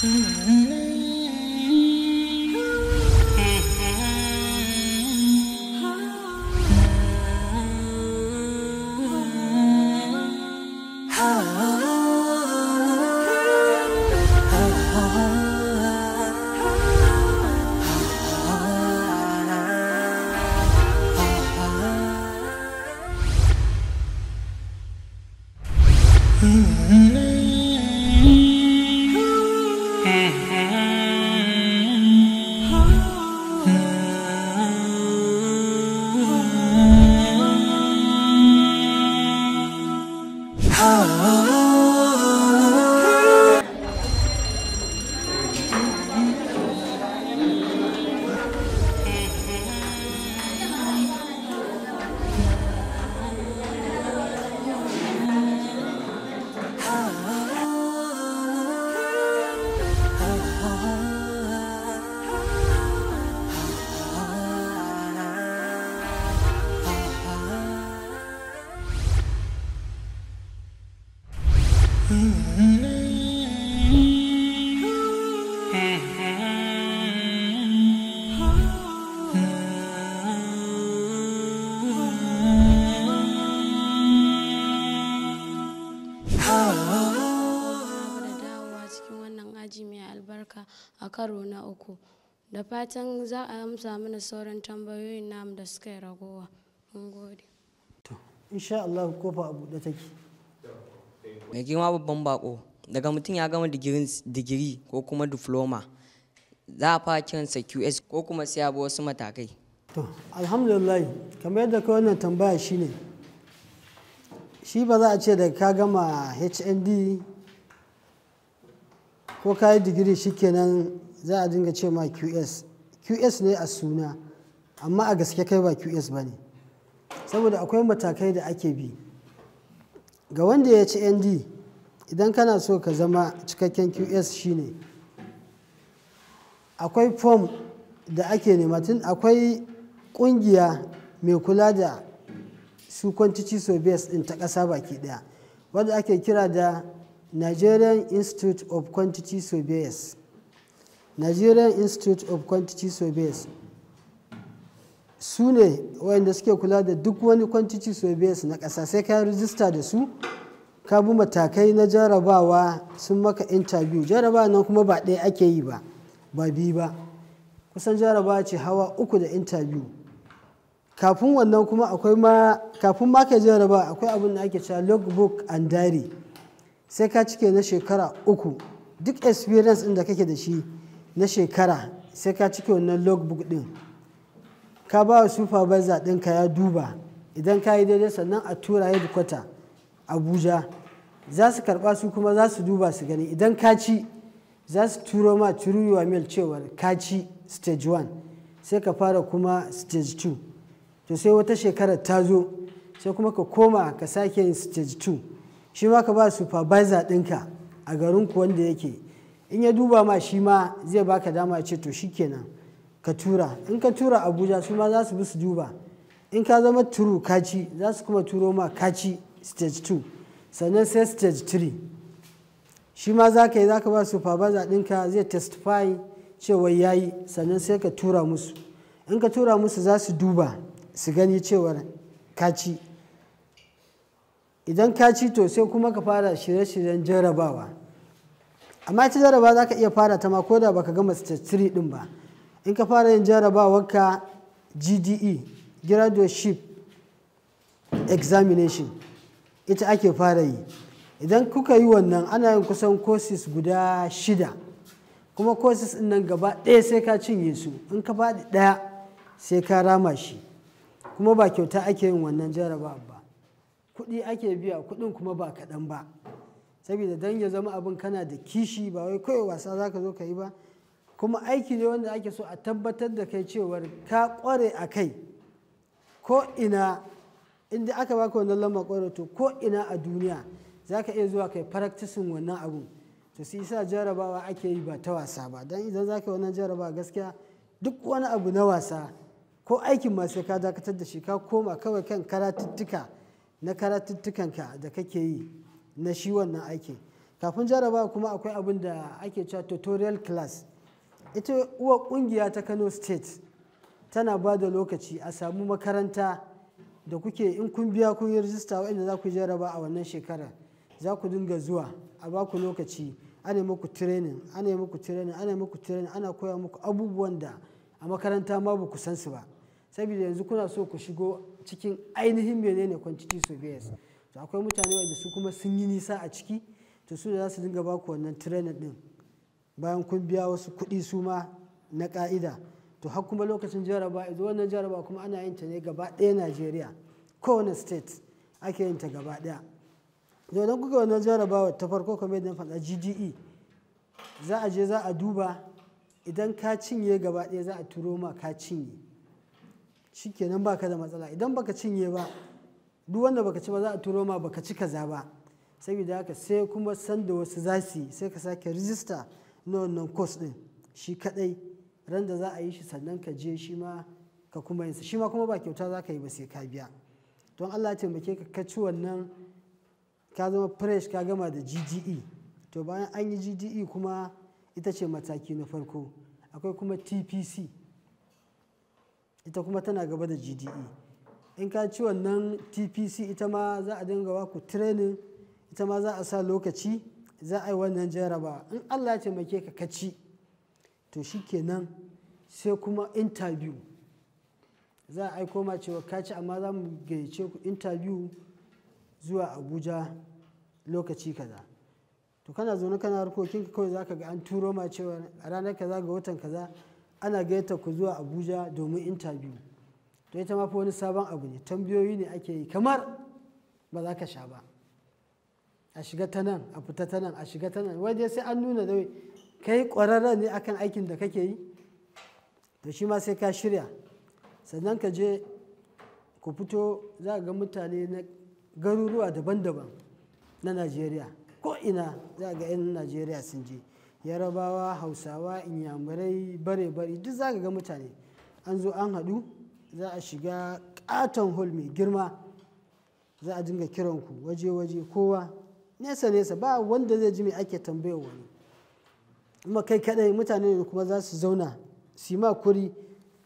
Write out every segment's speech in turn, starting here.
Mm-hmm. karo na uku da fatan za a amsa mana sauran tambayoyin namu da suka yi ragowa mun gode insha Allah kofa abu da take mai girma babban bako daga mutum ya gama digiri ko kuma diploma za a fara kiransa qs ko kuma sai ya bi wasu matakai to alhamdulillah kamar yadda kawai wannan tambaya shine shi ba za a ce da ka gama hnd ko ka yi digiri shikenan za a dinga ce ma qs qs ne a suna amma a gaske kai ba qs ba ne saboda akwai matakai da ake bi ga wanda ya ci nd idan kana so ka zama cikakken qs shine akwai form da ake nema tun akwai kungiya mai kula da su quantity surveys din ta ƙasa baki daya wadda ake kira da nigerian institute of quantity surveyors nigerian institute of quantity surveys su ne wayanda suke kula da duk wani quantity surveys na kasa sai ka rijista da su ka bi matakai na jarabawa sun maka interview jarabawa nan kuma ba ɗaya ake yi ba ba biyu ba kusan jarabawa ce hawa uku da interview kafin wannan kuma akwai ma kafin ma ka jarabawa akwai abin da ake cewa logbook and diary sai ka cike na shekara uku duk experience ɗin da kake da shi na shekara sai ka cike wannan logbook din ka ba wa supervisor ɗinka ya duba idan ka yi daidai sannan a tura ya kwata abuja za su karɓa su kuma za su duba su gani idan ka ci za su turo ma turuwa mil cewa ka ci stage 1 sai ka fara kuma stage 2 to sai wata shekarar ta zo sai kuma ka koma ka sake yin stage 2 shi ma ka ba supervisor ɗinka a garin ku wanda yake in ya duba ma shi ma zai baka dama ce to shikenan ka tura in ka tura abuja su ma za su bi su duba in ka zama turu kaci za su kuma turo ma kaci stage 2 sannan sai stage 3 shi ma za ka yi za ka ba su Fabaza ɗinka zai testify cewa ya yi sannan sai ka tura musu in ka tura musu za su duba su gani cewar kaci idan kaci to sai kuma ka fara shirye-shiryen jarabawa amma ita jaraba za ka iya fara ta ma ko da baka gama tsiri din ba in ka fara yin jarabawarka gde graduate examination ita ake fara yi idan kuka yi wannan ana yin kusan courses guda shida kuma courses din nan gaba ɗaya sai ka cinye su in ka faɗi ɗaya sai ka rama shi kuma ba kyauta ake yin wannan jarabawa ba kuɗi ake biya kuɗin kuma ba kaɗan ba saboda dan ya zama abin kana da kishi ba wai kawai wasa za ka zo ka yi ba kuma aiki ne wanda ake so a tabbatar da kai cewar ka kware a kai ko ina inda aka baka wannan lamba kware to ko ina a duniya za ka iya zuwa kai faraktisin wannan abu to sai isa jarabawa ake yi ba ta wasa ba dan idan za ka yi wannan jaraba gaskiya duk wani abu na wasa ko aikin masu sai ka dakatar da shi ka koma kawai kan karatuttuka na karatuttukanka da kake yi na shi wannan aikin kafin jaraba kuma akwai abin da ake cewa tutorial class ita uwa kungiya ta kano state tana ba da lokaci a samu makaranta da kuke in kun biya kun yi rijista waɗanda za ku jaraba a wannan shekarar za ku dinga zuwa a ba ku lokaci ana muku training ana muku training ana muku training ana koya muku abubuwan da a makaranta ma ba ku san su ba saboda yanzu kuna so ku shigo cikin ainihin menene so biyas to akwai mutane wanda su kuma sun yi nisa a ciki to su da za su dinga baku wannan trainer din bayan kun biya wasu kuɗi su ma na ka'ida to har kuma lokacin jaraba idan wannan jaraba kuma ana yin ta ne gaba ɗaya najeriya kowane state ake yin ta gaba ɗaya to idan kuka wannan jarabawa ta farko kamar yadda faɗa gde za a je za a duba idan ka cinye gaba ɗaya za a turo ma ka cinye shikenan baka da matsala idan baka cinye ba duk wanda baka ci ba za a turo ma baka ci kaza ba saboda haka sai kuma san da wasu za su sai ka sake rijista na wannan course din shi kadai ran da za a yi shi sannan ka je shi ma ka kuma yin shi ma kuma ba kyauta za ka yi ba sai ka biya don Allah taimake ka ka ci wannan ka zama fresh ka gama da GDE to bayan an yi GDE kuma ita ce mataki na farko akwai kuma TPC ita kuma tana gaba da GDE in ka ci wannan tpc ita ma za a dinga wa ku training ita ma za a sa lokaci za a yi wannan jaraba in allah ya taimake ka kaci to shi shikenan sai kuma interview za a aiko ma cewa kaci amma za mu gayyace ku interview zuwa abuja lokaci kaza to kana zaune kana harkokinka kawai za ka ga an turo ma cewa a ranar kaza ga watan kaza ana gayyata ku zuwa abuja domin interview to ita ma fa wani sabon abu ne tambayoyi ne ake yi kamar ba za ka sha ba a shiga ta nan a fita ta nan a shiga ta nan waje sai an nuna da kai ƙwararren ne akan aikin da kake yi to shi ma sai ka shirya sannan ka je ku fito za ga mutane na garuruwa daban-daban na najeriya ko ina za ga 'yan najeriya sun je yarabawa hausawa inyamurai bare-bare duk za ga mutane an zo an haɗu za a shiga katon hol mai girma za a dinga kiranku waje-waje kowa nesa-nesa ba wanda zai ji mai ake tambayar wani kuma kai kadai mutane ne kuma za su zauna su ma kuri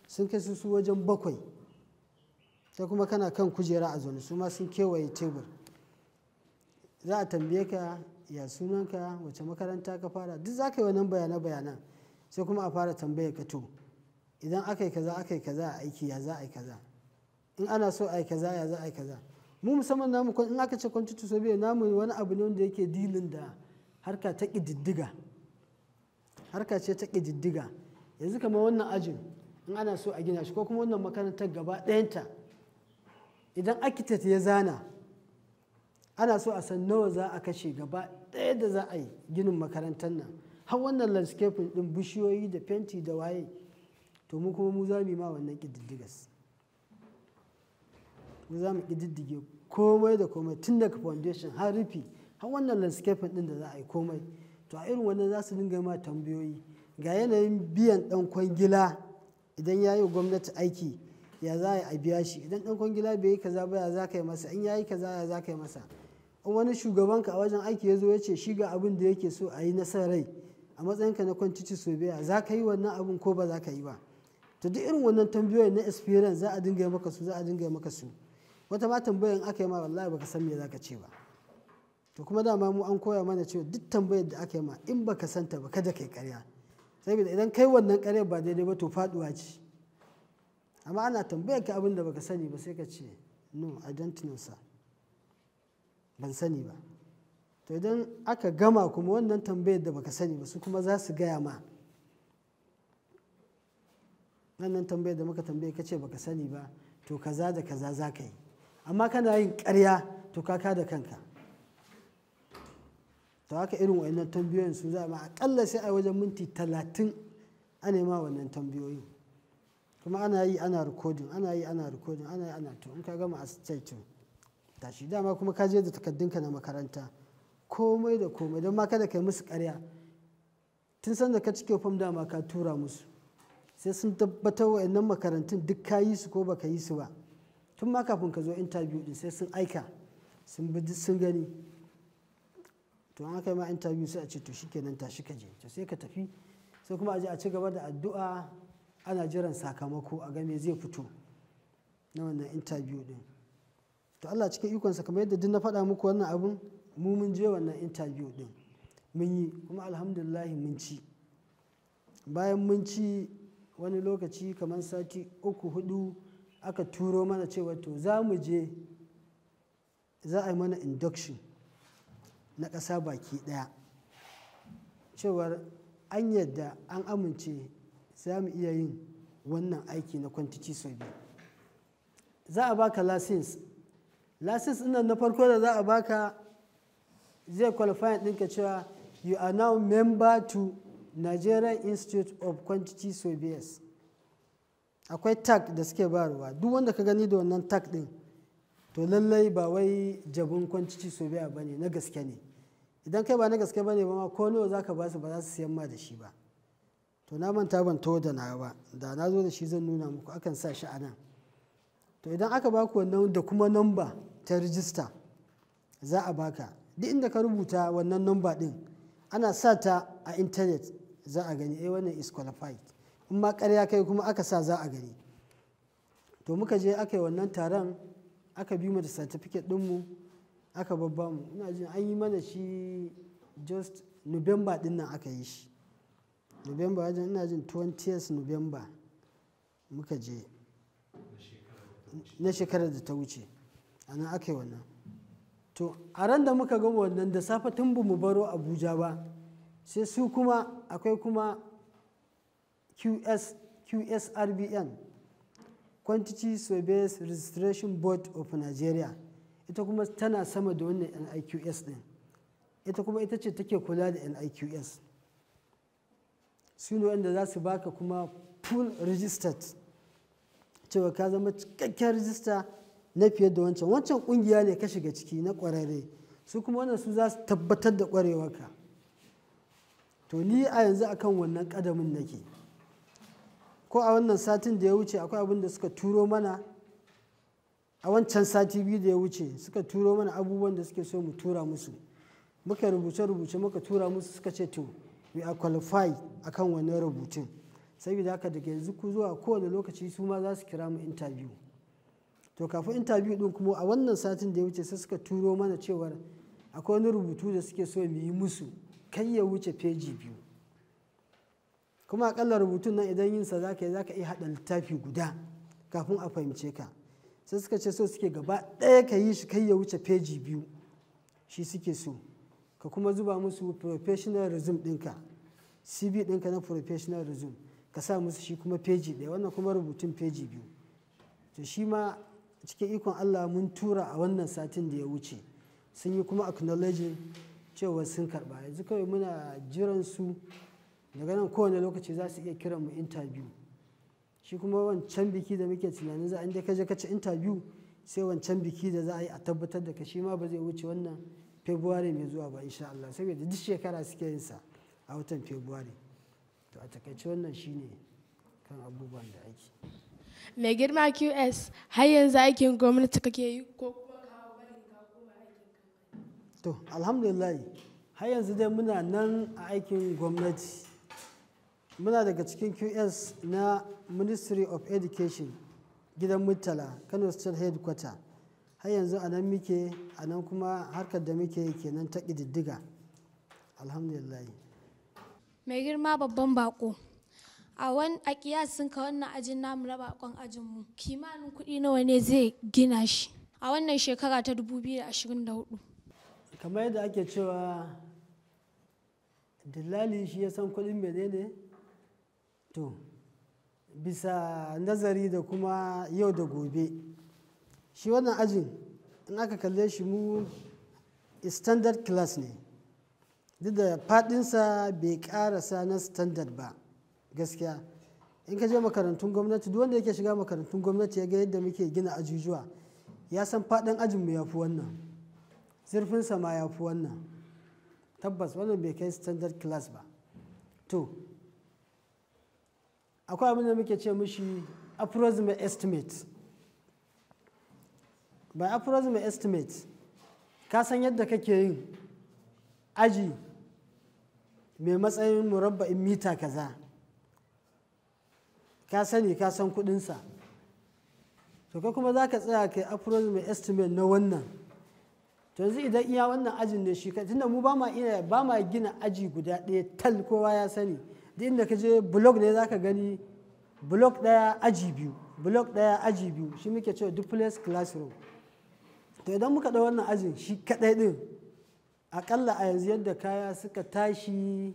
sun kai su wajen bakwai ta kuma kana kan kujera a zaune su ma sun kewaye tebur za a tambaye ka ya sunanka wace makaranta ka fara duk za ka yi wannan bayanan bayanan sai kuma a fara tambayar ka to idan aka yi kaza aka yi kaza a aiki ya za a yi kaza in ana so a yi kaza ya za a yi kaza mu musamman namu in aka ce kwantutu sobiya namu wani abu ne wanda yake dilin da harka ta ƙididdiga harka ce ta ƙididdiga yanzu kamar wannan ajin in ana so a gina shi ko kuma wannan makarantar gaba ɗayanta idan architect ya zana ana so a san nawa za a kashe gaba ɗaya da za a yi ginin makarantar nan har wannan landscaping ɗin bishiyoyi da fenti da waye to mu kuma mu za mu yi ma wannan ƙididdigas mu za mu ƙididdige komai da komai tun daga foundation har rufi har wannan landscaping ɗin da za a yi komai to a irin wannan za su dinga ma tambayoyi ga yanayin biyan ɗan kwangila idan ya yi gwamnati aiki ya za a biya shi idan ɗan kwangila bai yi kaza ba ya za ka yi masa in ya yi kaza ya za ka yi masa in wani shugabanka a wajen aiki ya zo ya ce shi ga abin da yake so a yi nasarai a matsayinka na kwantici sobeya za ka yi wannan abin ko ba za ka yi ba ta duk irin wannan tambayoyin na experience za a dinga maka su za a dinga maka su wata ma tambayoyin aka yi ma wallahi baka san me zaka ce ba to kuma dama mu an koya mana cewa duk tambayar da aka yi ma in baka santa ba kada kai ƙarya saboda idan kai wannan ƙaryar ba daidai ba to faduwa ce amma ana tambayar ka abin da baka sani ba sai ka ce no i don't know sir ban sani ba to idan aka gama kuma wannan tambayar da baka sani ba su kuma za su gaya ma nan tambayar da muka tambaye ka ce baka sani ba to kaza da kaza za ka yi amma kana yin karya to ka da kanka to haka irin wayannan tambayoyin su za a akalla sai a wajen minti talatin a nema wannan tambayoyin kuma ana yi ana rikodin ana yi ana rikodin ana yi ana to in ka gama a tashi dama kuma ka je da takaddunka na makaranta komai da komai don ma kada ka yi musu karya tun sanda ka cike fam dama ka tura musu sai sun tabbatar wa wa'annan makarantun duk ka yi su ko baka yi su ba tun ma kafin ka zo interview din sai sun aika sun bi sun gani to an kai ma interview sai a ce to shikenan tashi ka je to sai ka tafi sai kuma a je a ci gaba da addu'a ana jiran sakamako a game zai fito na wannan interview din to Allah cikin ikonsa kamar yadda duk na faɗa muku wannan abun mu mun je wannan interview din mun yi kuma alhamdulillahi mun ci bayan mun ci wani lokaci kamar sati uku hudu aka turo mana cewa to za mu je za a yi mana induction na ƙasa baki ɗaya cewar an yadda an amince za mu iya yin wannan aiki na kwantici sau biyu za a baka lasins lasins ɗin na farko da za a baka zai qualify ɗinka cewa you are now member to nigerian institute of quantity surveyors akwai tag da suke bayarwa duk wanda ka gani da wannan tag din to lallai ba wai jabin quantity surveyor ba ne na gaske ne idan kai ba na gaske ba ne ba ma ko nawa za ka ba su ba za su siyan ma da shi ba to na manta ban to da na ba da na zo da shi zan nuna muku akan sa shi a nan to idan aka ku wannan da kuma namba ta rijista za a baka duk inda ka rubuta wannan namba din ana sa ta a intanet za a gani eh wannan is qualified in ma karya kai kuma aka sa za a gani to muka je aka yi wannan taron aka bi mu da certificate ɗinmu aka babba mu ina jin an yi mana shi just november din nan aka yi shi november wajen ina jin 20th november muka je na shekarar da ta wuce a nan aka yi wannan to a ran da muka gama wannan da safe tun mu baro abuja ba sai su kuma akwai kuma qs qsrbn quantity surveys registration board of nigeria ita kuma tana sama da wannan niqs din ita kuma ita ce take kula da niqs su ne wanda za su baka kuma full registered cewa ka zama cikakken register na fiye da wancan wancan kungiya ne ka shiga ciki na kwararre su kuma wannan su za su tabbatar da kwarewarka to ni a yanzu akan wannan ƙadamin nake ko a wannan satin da ya wuce akwai abin da suka turo mana a wancan sati biyu da ya wuce suka turo mana abubuwan da suke so mu tura musu muka rubuce-rubuce muka tura musu suka ce to we are qualified akan wannan rubutun saboda haka daga yanzu ku zuwa kowane lokaci su ma za su kira mu interview to kafin interview ɗin kuma a wannan satin da ya wuce sai suka turo mana cewar akwai wani rubutu da suke so mu yi musu kai ya wuce feji biyu kuma akalla rubutun nan idan yinsa za ka yi za ka iya haɗa littafi guda kafin a fahimce ka sai suka ce so suke gaba ɗaya ka yi shi kai ya wuce feji biyu shi suke so ka kuma zuba musu professional resume ɗinka cv ɗinka na professional resume ka sa musu shi kuma feji ɗaya wannan kuma rubutun feji biyu to shi ma cikin ikon allah mun tura a wannan satin da ya wuce sun yi kuma acknowledging cewa sun karba yanzu kawai muna jiran su daga nan kowane lokaci za su iya kiran mu interview shi kuma wancan biki da muke tunanin za a inda ka je ka ci interview sai wancan biki da za a yi a tabbatar da ka shi ma ba zai wuce wannan february mai zuwa ba insha Allah saboda duk shekara suke yin sa a watan february to a takaice wannan shine kan abubuwan da ake mai girma qs har yanzu aikin gwamnati kake yi ko to alhamdulillah har yanzu dai muna nan a aikin gwamnati muna daga cikin qs na ministry of education gidan murtala kano state headquarter har yanzu a nan muke a nan kuma harkar da muke kenan ta ƙididdiga alhamdulillah mai girma babban bako a wani a kiyasin ka wannan ajin namu na bakon ajin mu kimanin kuɗi nawa ne zai gina shi a wannan shekara ta 2024 kamar yadda ake cewa dillali shi ya san kuɗin menene to bisa nazari da kuma yau da gobe shi wannan ajin in aka kalle shi mu standard class ne duk da faɗinsa bai sa na standard ba gaskiya in ka je makarantun gwamnati duk wanda yake shiga makarantun gwamnati ya ga yadda muke gina ajujuwa ya san faɗin ajinmu ya fi wannan zirfin sama ya fi wannan tabbas wannan bai kai standard class ba to akwai abin da muke ce mushi approximate estimate by approximate estimate ka san yadda kake yin aji mai matsayin murabba'in mita kaza ka sani ka san kudinsa to kai kuma za ka tsaya kai approximate estimate na wannan to yanzu idan iya wannan ajin ne shi kai tunda mu ba ma iya ba ma gina aji guda ɗaya tal kowa ya sani duk inda ka je blog ne zaka gani blog ɗaya aji biyu blog ɗaya aji biyu shi muke cewa duplex classroom to idan muka ɗau wannan ajin shi kaɗai ɗin aƙalla a yanzu yadda kaya suka tashi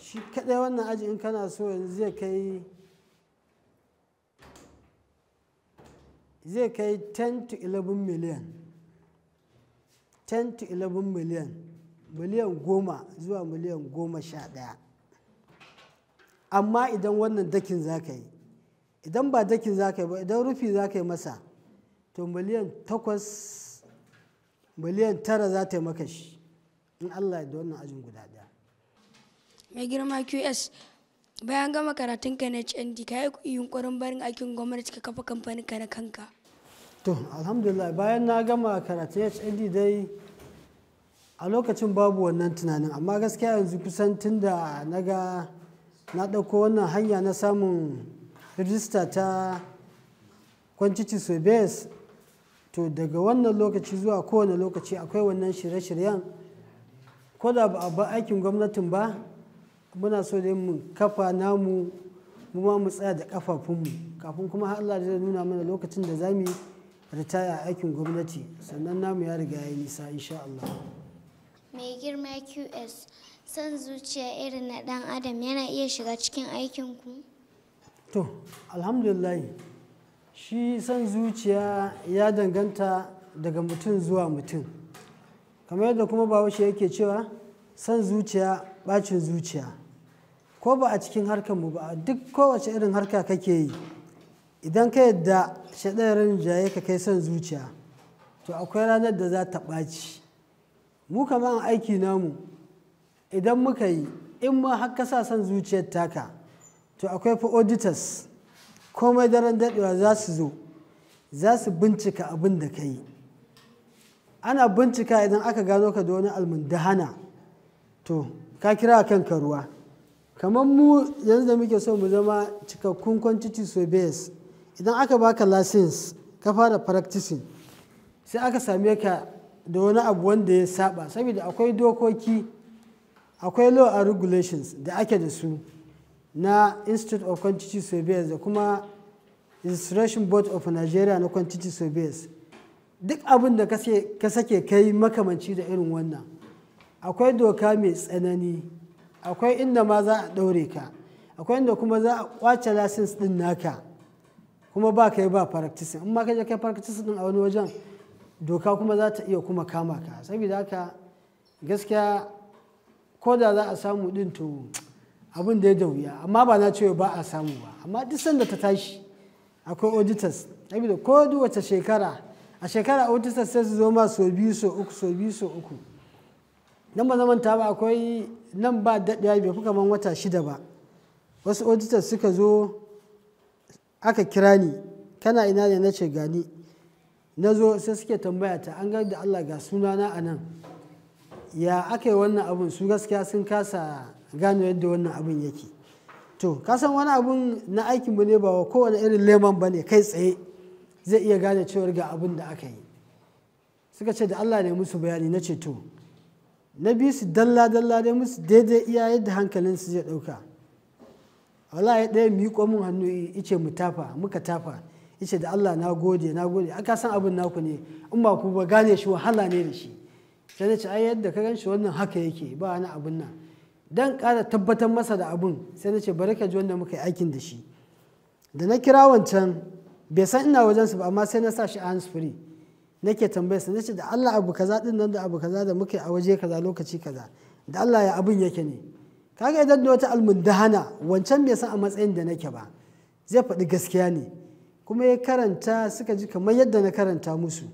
shi kaɗai wannan aji in kana so yanzu zai kai zai kai 10 to 11 million. 10 to 11 miliyan miliyan goma zuwa miliyan goma sha ɗaya amma idan wannan dakin za ka yi idan ba dakin za ka yi ba idan rufi za ka yi masa to miliyan takwas miliyan tara za ta yi maka shi in allah da wannan ajin guda ɗaya mai girma qs bayan gama karatun ka na hnd ka yi yunkurin barin aikin gwamnati ka kafa kamfanin ka na kanka to alhamdulillah bayan na gama karatun hnd dai a lokacin babu wannan tunanin amma gaskiya yanzu kusan tun da na ga na ɗauko wannan hanya na samun rijista ta kwanciti sobes to daga wannan lokaci zuwa kowane lokaci akwai wannan shirye-shiryen ko da ba a ba aikin gwamnatin ba muna so dai mu kafa namu mu ma mu tsaya da kafafunmu kafin kuma har Allah zai nuna mana lokacin da za mu yi ritaya a aikin gwamnati sannan namu ya riga ya yi nisa insha Allah. mai girma qs san zuciya irin na dan adam yana iya shiga cikin aikin ku? to alhamdulillah shi san zuciya ya danganta daga mutum zuwa mutum kamar yadda kuma ba bahaushe yake cewa san zuciya bacin zuciya ko ba a cikin harkar mu ba duk kowace irin harka kake yi idan ka yadda shaɗarin jaye ka kai son zuciya to akwai ranar da za ta ɓaci mu kama an aiki namu idan muka yi in ma har sa son zuciyar taka to akwai fa auditors komai daren daɗewa za su zo za su bincika abin da ka yi ana bincika idan aka gano ka da wani almundahana to ka kira kanka ruwa kamar mu yanzu da muke so mu zama cikakkun quantity surveyors idan aka baka license ka fara practicing sai aka same ka da wani abu wanda ya saba saboda akwai dokoki akwai law and regulations da ake da su na institute of quantity surveyors da kuma registration board of nigeria na quantity surveyors duk abin da ka sake kai makamanci da irin wannan akwai doka mai tsanani akwai inda ma za a ɗaure ka akwai inda kuma za a kwace lasins ɗin naka kuma ba ka yi ba practice in ma ka je kai practice din a wani wajen doka kuma za ta iya kuma kama ka saboda haka gaskiya ko da za a samu din to abin da ya da wuya amma ba na cewa ba a samu ba amma duk sanda ta tashi akwai auditors saboda ko duk shekara a shekara auditors sai su zo ma so biyu so uku so biyu so uku nan ba ta ba akwai nan ba daɗewa bai fi kaman wata shida ba wasu auditors suka zo aka kira ni kana ina ne na ce gani na zo sai suke tambaya ta an gani da Allah ga sunana a nan ya aka yi wannan abun su gaskiya sun kasa gano yadda wannan abun yake to kasan wani abu na aikin mu ne ba wa kowane irin leman ba ne kai tsaye zai iya gane cewar ga abin da aka yi suka ce da Allah ne musu bayani na ce to na bi su dalla dalla dai musu daidai iya yadda hankalinsu zai ɗauka wallahi ɗaya yi min hannu ice mu tafa muka tafa ice da Allah na gode na gode aka san abin naku ne in ba ku ba gane shi wahala ne da shi sai na ce ai yadda ka gan shi wannan haka yake ba wani abin nan dan ƙara tabbatar masa da abin sai na ce bari ka ji wanda muka yi aikin da shi da na kira wancan bai san ina wajen su ba amma sai na sa shi a hands free nake tambayarsa na ce da Allah abu kaza din nan da abu kaza da muka yi a waje kaza lokaci kaza da Allah ya abin yake ne kaga idan da wata almundahana wancan bai san a matsayin da nake ba zai faɗi gaskiya ne kuma ya karanta suka ji kamar yadda na karanta musu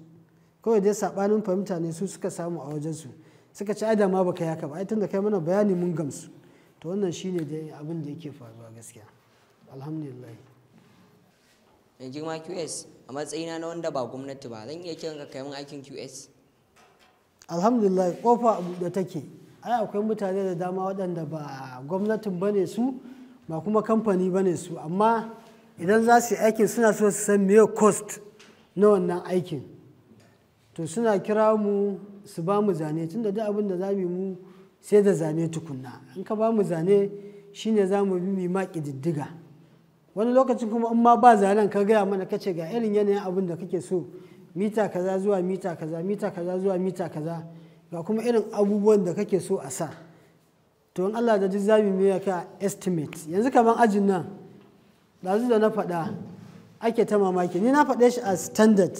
kawai dai saɓanin fahimta ne su suka samu a wajensu suka ci ada ma baka yaka ba ai tunda kai mana bayani mun gamsu to wannan shine dai abin da yake faruwa gaskiya alhamdulillah in girma qs a matsayina na wanda ba gwamnati ba zan iya kiran ka kai mun aikin qs alhamdulillah kofa a buɗe take ai akwai mutane da dama waɗanda ba gwamnatin ba ne su ba kuma kamfani ba ne su amma idan za su yi aikin suna so su san meye cost na wannan aikin to suna kira mu su ba mu zane tun da duk abin da za mu mu sai da zane tukunna in ka ba mu zane shine za mu bi ma ƙididdiga wani lokacin kuma in ma ba zanen ka gaya mana kace ga irin yanayin abin da kake so mita kaza zuwa mita kaza mita kaza zuwa mita kaza ga kuma irin abubuwan da kake so a sa to in Allah da ji zamu mai ka estimate yanzu kaman ajin nan da da na faɗa ake ta mamaki ni na faɗe shi a standard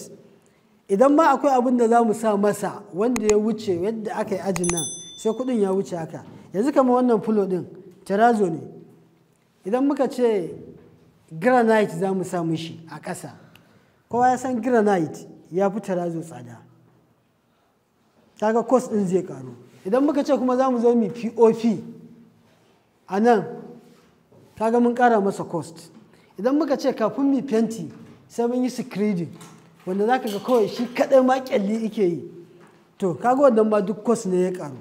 idan ma akwai abin da za mu sa masa wanda ya wuce yadda aka yi ajin nan sai kuɗin ya wuce haka yanzu kamar wannan fulo ɗin terazo ne idan muka ce granite za mu sa mushi a ƙasa kowa ya san granite ya fi terazo tsada kaga kwas ɗin zai karu idan muka ce kuma za mu zo mu pop a nan ta ga mun ƙara masa cost idan muka ce kafin mu fenti sai mun yi screening wanda za ka ga kawai shi kaɗai ma ƙyalli ike yi to kaga wannan ma duk cost ne ya karu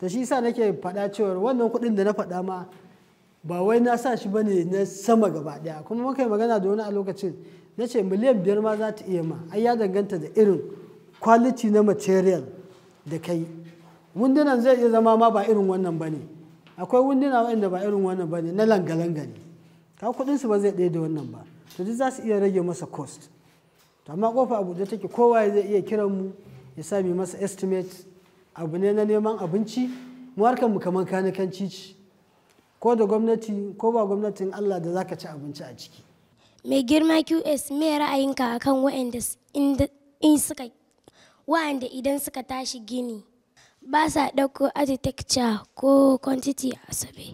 ta shi sa nake faɗa cewa wannan kuɗin da na faɗa ma ba wai na sa shi bane na sama gaba ɗaya kuma muka yi magana da wani a lokacin na ce miliyan biyar ma za ta iya ma ai ya danganta da irin quality na material da kai wundunan zai iya zama ma ba irin wannan ba ne akwai wunduna wanda ba irin wannan ba ne na langa-langa ne ka kuɗinsu ba zai ɗaya da wannan ba to duk za su iya rage masa cost to amma kofa abu da take kowa zai iya kiran mu ya sami masa estimate abu ne na neman abinci mu harkar mu kamar kanikanci cici ko da gwamnati ko ba gwamnatin Allah da zaka ci abinci a ciki mai girma QS me ra'ayinka akan waɗanda in suka Wanda idan suka tashi gini ba sa ɗauko architecture ko quantity a asabe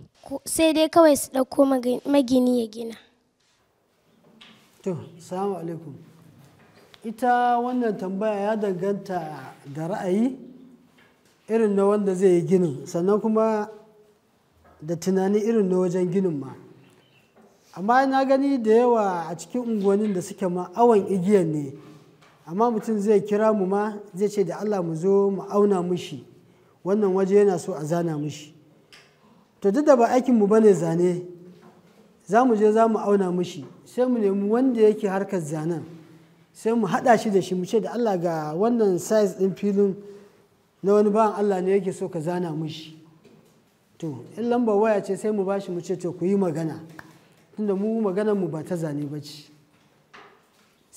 sai dai kawai su ɗauko magini ya gina to salamu alaikum ita wannan tambaya ya danganta da ra'ayi irin na wanda zai yi ginin sannan kuma da tunani irin na wajen ginin ma amma na gani da yawa a cikin unguwannin da suke ma awon igiyar ne amma mutum zai kira mu ma zai ce da Allah mu zo mu auna mushi wannan waje yana so a zana mushi to duk da ba aikin mu bane zane za mu je za mu auna mushi sai mu nemi wanda yake harkar zanen sai mu hada shi da shi mu ce da Allah ga wannan size din filin na wani bawan Allah ne yake so ka zana mushi to in lambar waya ce sai mu bashi mu ce to ku yi magana tunda mu maganar mu ba ta zane ba ce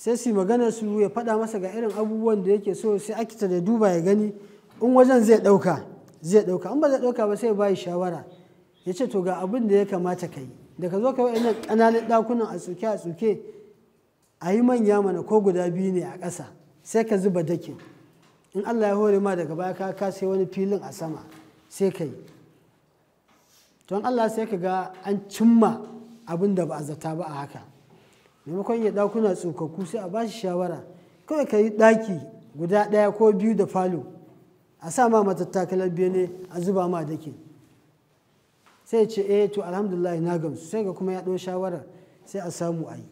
sai su magana su ya faɗa masa ga irin abubuwan da yake so sai akita da duba ya gani in wajen zai ɗauka zai ɗauka in ba zai ɗauka ba sai ba shawara ya ce to ga abin da ya kamata ka yi da ka zo ka wa'in ƙananan ɗakunan a tsuke a tsuke a yi manya mana ko guda biyu ne a ƙasa sai ka zuba dakin in Allah ya hore ma daga baya ka sai wani filin a sama sai ka yi to Allah sai ka ga an cimma abin da ba a zata ba a haka maimakon ya ɗakuna tsokaku sai a ba shi shawara kawai ka yi ɗaki guda ɗaya ko biyu da falo a sa ma matattakalar bene a zuba ma dake sai ce eh to alhamdulillah na gamsu sai ga kuma ya ɗau shawara sai a samu ayi.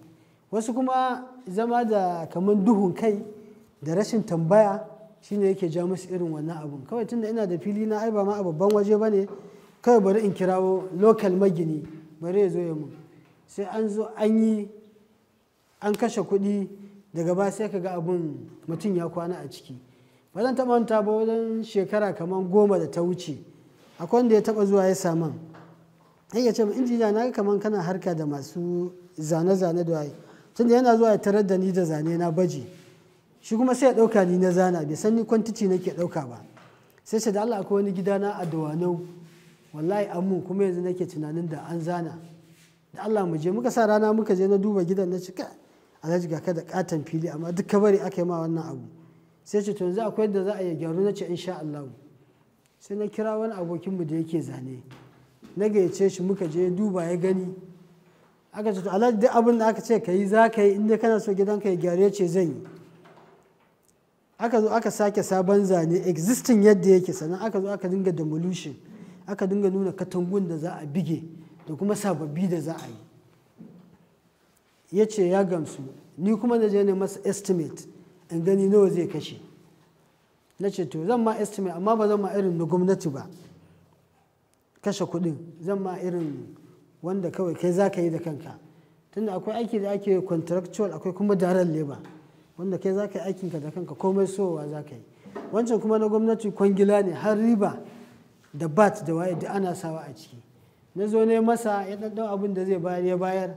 wasu kuma zama da kamar duhun kai da rashin tambaya shine yake ja musu irin wannan abun kawai tunda ina da fili na ai ba ma a babban waje ba ne kawai bari in kirawo lokal magini bari ya zo ya mun sai an zo an yi an kashe kuɗi daga ba sai ka ga abin mutum ya kwana a ciki ba zan taɓa wanta ba wajen shekara kamar goma da ta wuce akwai wanda ya taɓa zuwa ya saman sai ya ce ma injiniya na kamar kana harka da masu zane-zane da waye tunda yana zuwa ya tarar da ni da zane na baje shi kuma sai ya ɗauka ni na zana bai san ni kwantici nake ɗauka ba sai ce da Allah akwai wani gidana a adawanau wallahi amu kuma yanzu nake tunanin da an zana da Allah mu je muka sa rana muka je na duba gidan na cika alhaji ga ka da katon fili amma duk ka bari aka yi ma wannan abu sai ce to yanzu akwai yadda za a yi gyaru na ce in sha Allah sai na kira wani abokin mu da yake zane na gayyace shi muka je duba ya gani aka ce to alhaji duk abin da aka ce ka yi za ka yi inda kana so gidan ka ya gyaru ya ce zan yi aka zo aka sake sabon zane existing yadda yake sannan aka zo aka dinga demolition aka dinga nuna katangun da za a bige da kuma sababbi da za a yi ya ce ya gamsu ni kuma na je ne masa estimate in gani nawa zai kashe na ce to zan ma estimate amma ba zan ma irin na gwamnati ba kashe kuɗin zan ma irin wanda kawai kai za ka yi da kanka tunda akwai aiki da ake contractual akwai kuma daren labor wanda kai za ka yi aikinka da kanka komai sowa za ka yi wancan kuma na gwamnati kwangila ne har riba da bat da waye da ana sawa a ciki na zo ne masa ya ɗanɗan abin da zai bayar ya bayar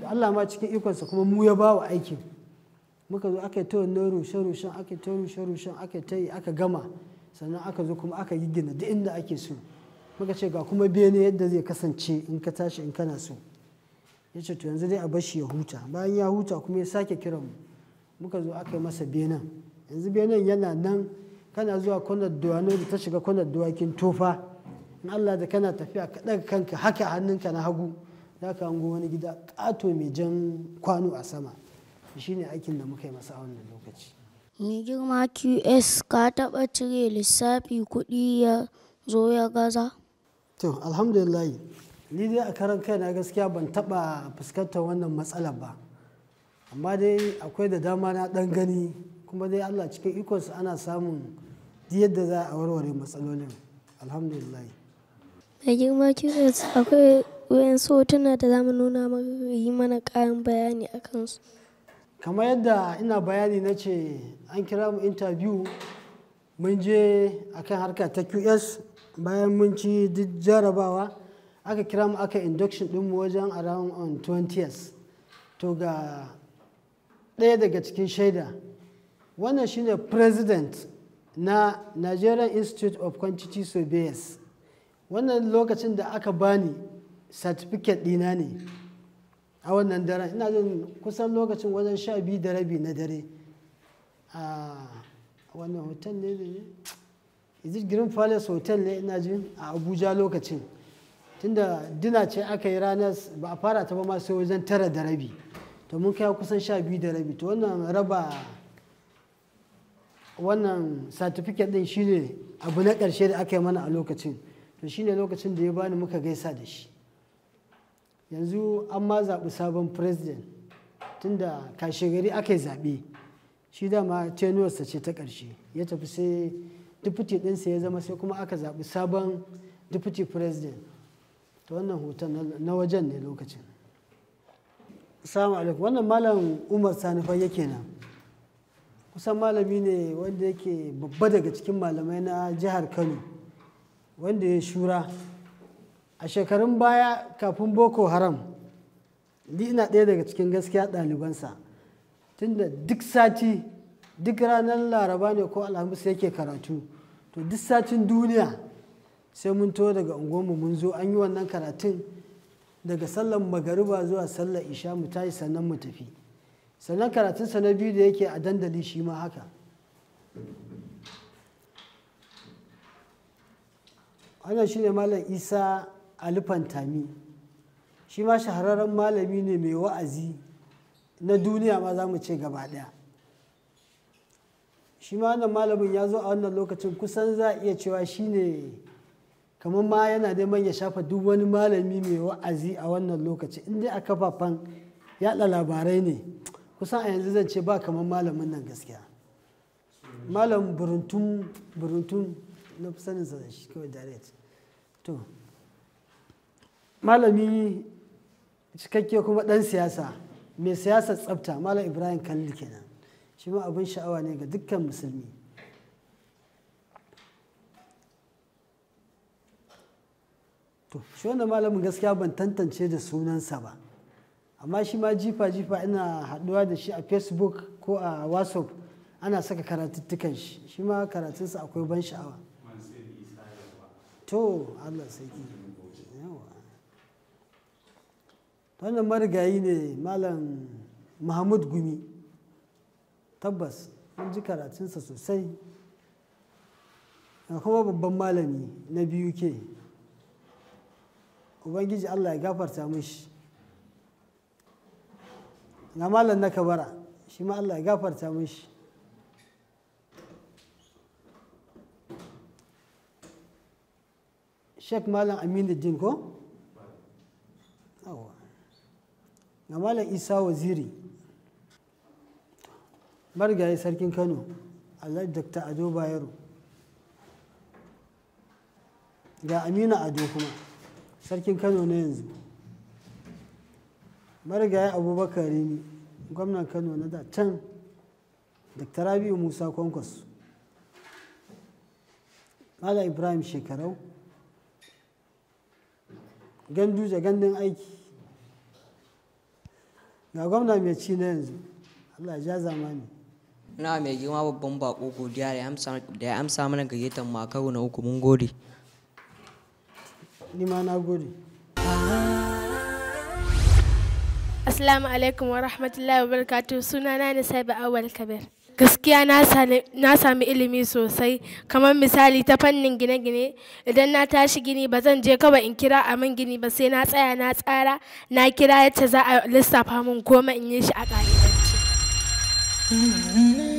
to Allah ma cikin ikonsa kuma mu ya bawa aikin muka zo aka yi ta wannan rushe-rushen aka ta rushe-rushen aka ta yi aka gama sannan aka zo kuma aka gina duk inda ake so muka ce ga kuma bene yadda zai kasance in ka tashi in kana so ya ce to yanzu dai a bar shi ya huta bayan ya huta kuma ya sake kiran mu muka zo aka yi masa benen yanzu benen yana nan kana zuwa kwanar duwano da ta shiga kwanar kin tofa in allah da kana tafiya kaɗan kanka haka hannunka na hagu da ka hango wani gida ƙato mai jan kwano a sama shi ne aikin da muka yi masa a wannan lokaci mai girma qs ka taɓa cire lissafi kuɗi ya zo ya gaza to alhamdulillah ni dai a karan kai na gaskiya ban taɓa fuskantar wannan matsalar ba amma dai akwai da dama na ɗan gani kuma dai allah cikin ikonsa ana samun yadda za a warware matsalolin alhamdulillah mai girma qs akwai wayansu hotuna da zamu nuna maka yi mana ƙarin bayani a kansu kamar yadda ina bayani na ce an kira mu interview mun je a kan harka ta qs bayan mun ci duk jarabawa aka kira mu aka induction ɗinmu wajen around on 20 years to ga ɗaya daga cikin shaida wannan shine president na nigerian institute of quantity surveyors wannan lokacin da aka bani certificate ɗina ne a wannan daren ina jin kusan lokacin wajen sha biyu da rabi na dare a wannan hotel ne ne is it green palace hotel ne ina jin a abuja lokacin tunda dina ce aka yi ranar ba a fara ta ba ma sai wajen tara da rabi to mun kai kusan sha biyu da rabi to wannan raba wannan certificate din shine abu na ƙarshe da aka yi mana a lokacin to shine lokacin da ya bani muka gaisa da shi yanzu an ma zaɓi sabon president tunda kashe gari aka yi zaɓe shi dama tenuwarsa ce ta ƙarshe ya tafi sai deputy ɗinsa ya zama sai kuma aka zaɓi sabon deputy president ta wannan hoton na wajen ne lokacin salamu alaikum wannan malam umar sanifa yake nan kusan malami ne wanda yake babba daga cikin malamai na jihar kano wanda ya shura a shekarun baya kafin boko haram ni ina ɗaya daga cikin gaskiya ɗalibansa tunda duk sati duk ranar laraba ne ko alhamis yake karatu to duk satin duniya sai mun to daga unguwanmu mun zo an yi wannan karatun daga sallar magariba zuwa sallar isha mu tashi sannan mu tafi sannan karatunsa na biyu da yake a dandali shi ma haka wannan shi ne malam isa alifantami shi ma shahararren malami ne mai wa'azi na duniya ma za mu ce gaba ɗaya shi ma wannan malamin ya zo a wannan lokacin kusan za a iya cewa shi ne kamar ma yana neman ya shafa duk wani malami mai wa'azi a wannan lokaci inda a kafafen yaɗa labarai ne kusan a yanzu zan ce ba kamar malamin nan gaskiya malam buruntun buruntun na sanin sa kawai direct to malami cikakke kuma ɗan siyasa mai siyasar tsafta malam ibrahim kalli kenan shi ma abin sha'awa ne ga dukkan musulmi to shi wannan malamin gaskiya ban tantance da sunansa ba amma shi ma jifa-jifa ina haɗuwa da shi a facebook ko a whatsapp ana saka karatuttukan shi shi ma karatunsa akwai ban sha'awa to allah wannan marigayi ne malam mahmud gumi tabbas an ji karatunsa sosai kuma babban malami na biyu ke ubangiji allah ya gafarta mishi na malam na kabara shi ma allah ya gafarta mishi sheik malam aminu din ko? awa ga malam isa waziri marigayi sarkin kano alhaji dr ado bayero ga amina ado kuma sarkin kano na yanzu marigayi abubakar rimi gwamnan kano na da can dr rabiu musa kwankwas malam ibrahim shekarau da gandun aiki ga gwamna mai ci na yanzu allah ja zamani na mai girma babban bako godiya da ya amsa mana gayyatar makaru na uku mun gode ni ma na gode Assalamu alaikum wa rahmatullahi wa barakatuh sunana Nisa Awal Kabir gaskiya na sami ilimi sosai kamar misali ta fannin gine-gine idan na tashi gini ba zan je kawai in kira a min gini ba sai na tsaya na tsara na kira yadda za a lissafa min goma in yi shi a ƙa'idance mm-hmm.